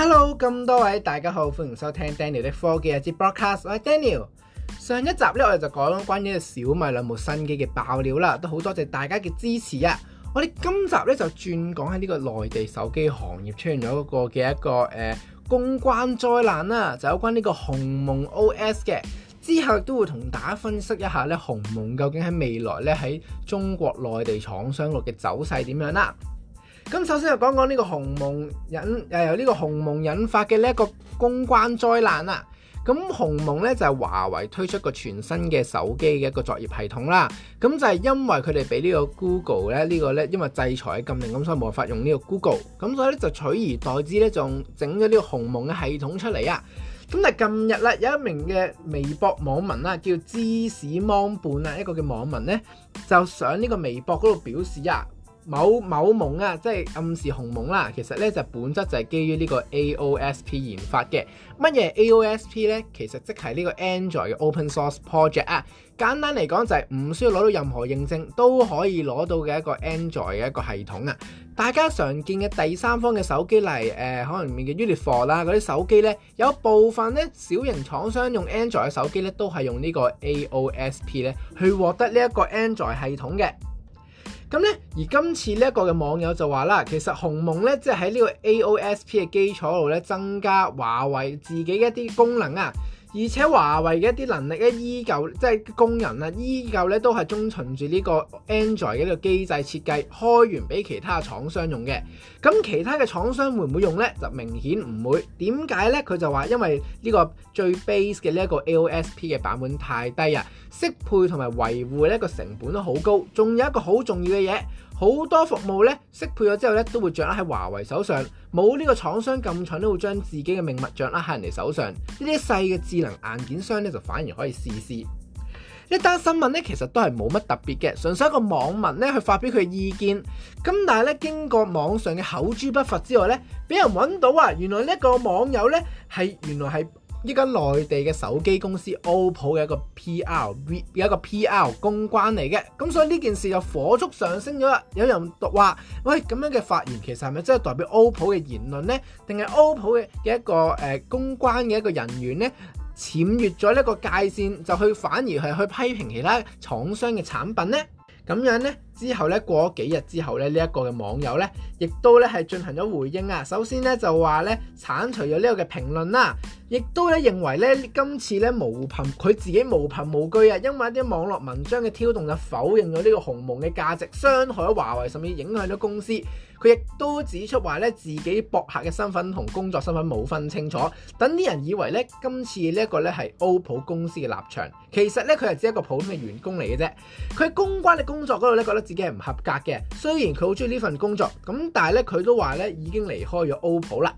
Hello，咁多位大家好，歡迎收聽 Daniel 的科技日誌 Broadcast。我係 Daniel。上一集咧，我哋就講咗關於小米兩部新機嘅爆料啦，都好多謝大家嘅支持啊！我哋今集咧就轉講喺呢個內地手機行業出現咗一個嘅一個誒、呃、公關災難啦，就有關呢個鴻蒙 OS 嘅。之後都會同大家分析一下咧，鴻蒙究竟喺未來咧喺中國內地廠商度嘅走勢點樣啦。咁首先就講講呢個鴻蒙引，誒由呢個鴻蒙引發嘅呢一個公關災難啦。咁鴻蒙咧就係華為推出個全新嘅手機嘅一個作業系統啦。咁就係因為佢哋俾呢個 Google 咧呢個咧，因為制裁禁令，咁所以冇法用呢個 Google。咁所以咧就取而代之咧，仲整咗呢個鴻蒙嘅系統出嚟啊。咁但係近日咧，有一名嘅微博網民啦，叫芝士芒本啊，一個嘅網民咧，就上呢個微博嗰度表示啊。某某蒙啊，即係暗示鴻蒙啦。其實咧就本質就係基於呢個 AOSP 研發嘅。乜嘢 AOSP 咧？其實即係呢個 Android 嘅 Open Source Project 啊。簡單嚟講就係唔需要攞到任何認證都可以攞到嘅一個 Android 嘅一個系統啊。大家常見嘅第三方嘅手機嚟，誒、呃、可能面見 Unifor 啦，嗰啲手機咧有部分咧小型廠商用 Android 嘅手機咧都係用個呢個 AOSP 咧去獲得呢一個 Android 系統嘅。咁咧，而今次呢一個嘅網友就話啦，其實鴻蒙咧，即係喺呢個 AOSP 嘅基礎度咧，增加華為自己嘅一啲功能啊，而且華為嘅一啲能力咧，依舊即係工人啊，依舊咧都係遵循住呢個 Android 嘅呢個機制設計，開源俾其他廠商用嘅。咁其他嘅廠商會唔會用咧？就明顯唔會。點解咧？佢就話因為呢個最 base 嘅呢一個 AOSP 嘅版本太低啊。適配同埋維護呢個成本都好高，仲有一個好重要嘅嘢，好多服務呢適配咗之後呢，都會掌握喺華為手上，冇呢個廠商咁蠢都會將自己嘅命脈掌握喺人哋手上，呢啲細嘅智能硬件商呢，就反而可以試試。呢單新聞呢，其實都係冇乜特別嘅，純粹一個網民呢去發表佢嘅意見，咁但係呢，經過網上嘅口誅筆伐之外呢，俾人揾到啊，原來呢個網友呢，係原來係。呢間內地嘅手機公司 OPPO 嘅一個 PR 有一個 PR 公關嚟嘅，咁所以呢件事就火速上升咗啦。有人話，喂，咁樣嘅發言其實係咪真係代表 OPPO 嘅言論呢？定係 OPPO 嘅一個誒、呃、公關嘅一個人員呢？僭越咗呢一個界線，就去反而係去批評其他廠商嘅產品呢？」咁樣呢，之後呢，過咗幾日之後呢，呢、呢、一個嘅網友呢，亦都呢係進行咗回應啊。首先呢，就話呢，剷除咗呢個嘅評論啦。亦都咧認為咧今次咧無憑佢自己無憑無據啊，因為一啲網絡文章嘅挑動就否認咗呢個鴻蒙嘅價值，傷害咗華為，甚至影響咗公司。佢亦都指出話咧自己博客嘅身份同工作身份冇分清楚，等啲人以為咧今次呢一個咧係 OPPO 公司嘅立場，其實咧佢係只一個普通嘅員工嚟嘅啫。佢喺公關嘅工作嗰度咧覺得自己係唔合格嘅，雖然佢好鍾意呢份工作，咁但係咧佢都話咧已經離開咗 OPPO 啦。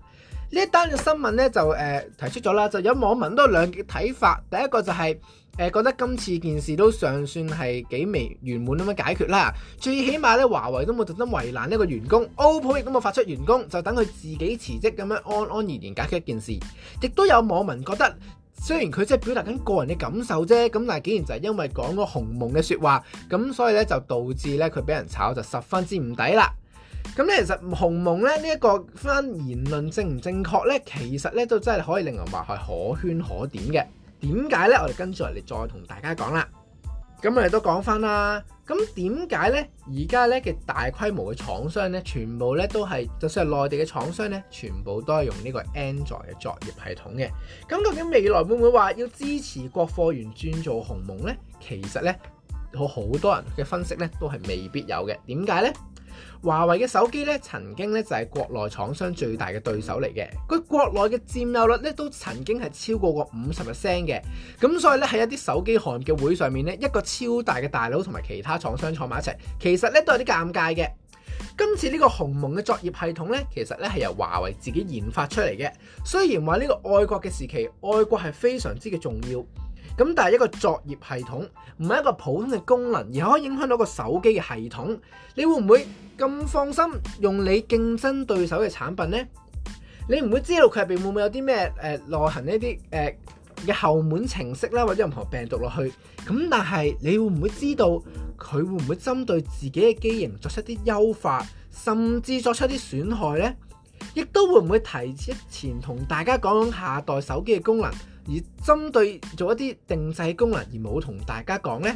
一單呢單嘅新聞咧就誒、呃、提出咗啦，就有網民都有兩極睇法。第一個就係、是、誒、呃、覺得今次件事都尚算係幾未圓滿咁樣解決啦。最起碼咧，華為都冇特登為難呢一個員工，OPPO 亦都冇發出員工，就等佢自己辭職咁樣安安然然解決一件事。亦都有網民覺得，雖然佢即係表達緊個人嘅感受啫，咁但係竟然就係因為講咗鴻蒙嘅説話，咁所以咧就導致咧佢俾人炒就十分之唔抵啦。咁咧，其實鴻蒙咧呢一個番言論正唔正確咧，其實咧都真係可以令人話係可圈可點嘅。點解咧？我哋跟住嚟再同大家講啦。咁我哋都講返啦。咁點解咧？而家咧嘅大規模嘅廠商咧，全部咧都係就算係內地嘅廠商咧，全部都係用呢個 Android 嘅作業系統嘅。咁究竟未來會唔會話要支持國貨原轉做鴻蒙咧？其實咧，好好多人嘅分析咧都係未必有嘅。點解咧？華為嘅手機咧，曾經咧就係國內廠商最大嘅對手嚟嘅。佢國內嘅佔有率咧都曾經係超過過五十 percent 嘅。咁所以咧喺一啲手機行業嘅會上面咧，一個超大嘅大佬同埋其他廠商坐埋一齊，其實咧都有啲尷尬嘅。今次呢個鴻蒙嘅作業系統咧，其實咧係由華為自己研發出嚟嘅。雖然話呢個愛國嘅時期，愛國係非常之嘅重要。咁但係一個作業系統唔係一個普通嘅功能，而係可以影響到個手機嘅系統。你會唔會咁放心用你競爭對手嘅產品呢？你唔會知道佢入邊會唔會有啲咩誒內含呢啲誒嘅後門程式啦，或者任何病毒落去。咁但係你會唔會知道佢會唔會針對自己嘅機型作出啲優化，甚至作出啲損害呢？亦都會唔會提前同大家講下下代手機嘅功能？而針對做一啲定製功能而冇同大家講呢，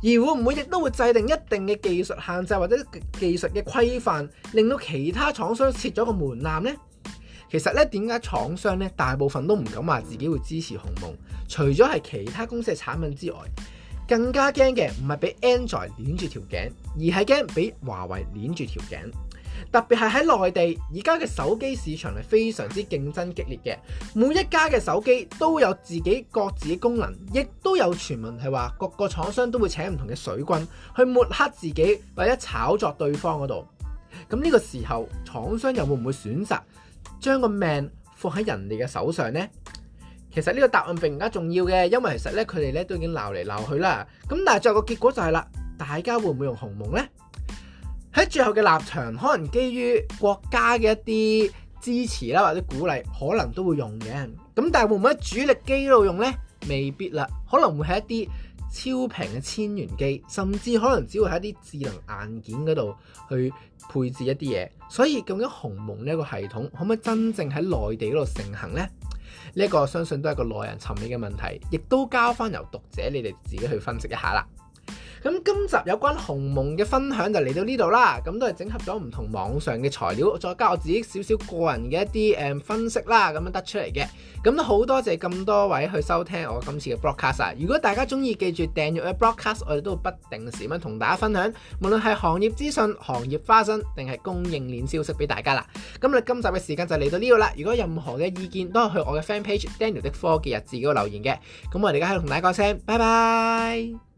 而會唔會亦都會制定一定嘅技術限制或者技術嘅規範，令到其他廠商設咗個門檻呢？其實咧，點解廠商咧，大部分都唔敢話自己會支持鴻蒙？除咗係其他公司嘅產品之外，更加驚嘅唔係俾 Android 綁住條頸，而係驚俾華為綁住條頸。特別係喺內地，而家嘅手機市場係非常之競爭激烈嘅，每一家嘅手機都有自己各自嘅功能，亦都有傳聞係話各個廠商都會請唔同嘅水軍去抹黑自己或者炒作對方嗰度。咁呢個時候，廠商又會唔會選擇將個命放喺人哋嘅手上呢？其實呢個答案並唔加重要嘅，因為其實咧佢哋咧都已經鬧嚟鬧去啦。咁但係最後個結果就係、是、啦，大家會唔會用鴻蒙呢？喺最後嘅立場，可能基於國家嘅一啲支持啦，或者鼓勵，可能都會用嘅。咁但係會唔會喺主力機度用呢？未必啦，可能會喺一啲超平嘅千元機，甚至可能只會喺啲智能硬件嗰度去配置一啲嘢。所以究竟鴻蒙呢一個系統可唔可以真正喺內地嗰度盛行呢？呢一個我相信都係個耐人尋味嘅問題，亦都交翻由讀者你哋自己去分析一下啦。咁今集有關鴻蒙嘅分享就嚟到呢度啦，咁都係整合咗唔同網上嘅材料，再加我自己少少個人嘅一啲誒分析啦，咁樣得出嚟嘅。咁都好多謝咁多位去收聽我今次嘅 broadcast，如果大家中意，記住訂閱嘅 broadcast，我哋都會不定時咁同大家分享，無論係行業資訊、行業花生定係供應鏈消息俾大家啦。咁你今集嘅時間就嚟到呢度啦。如果任何嘅意見，都係去我嘅 fan page Daniel 的科技日誌嗰度留言嘅。咁我哋而家喺度同大家講聲，拜拜。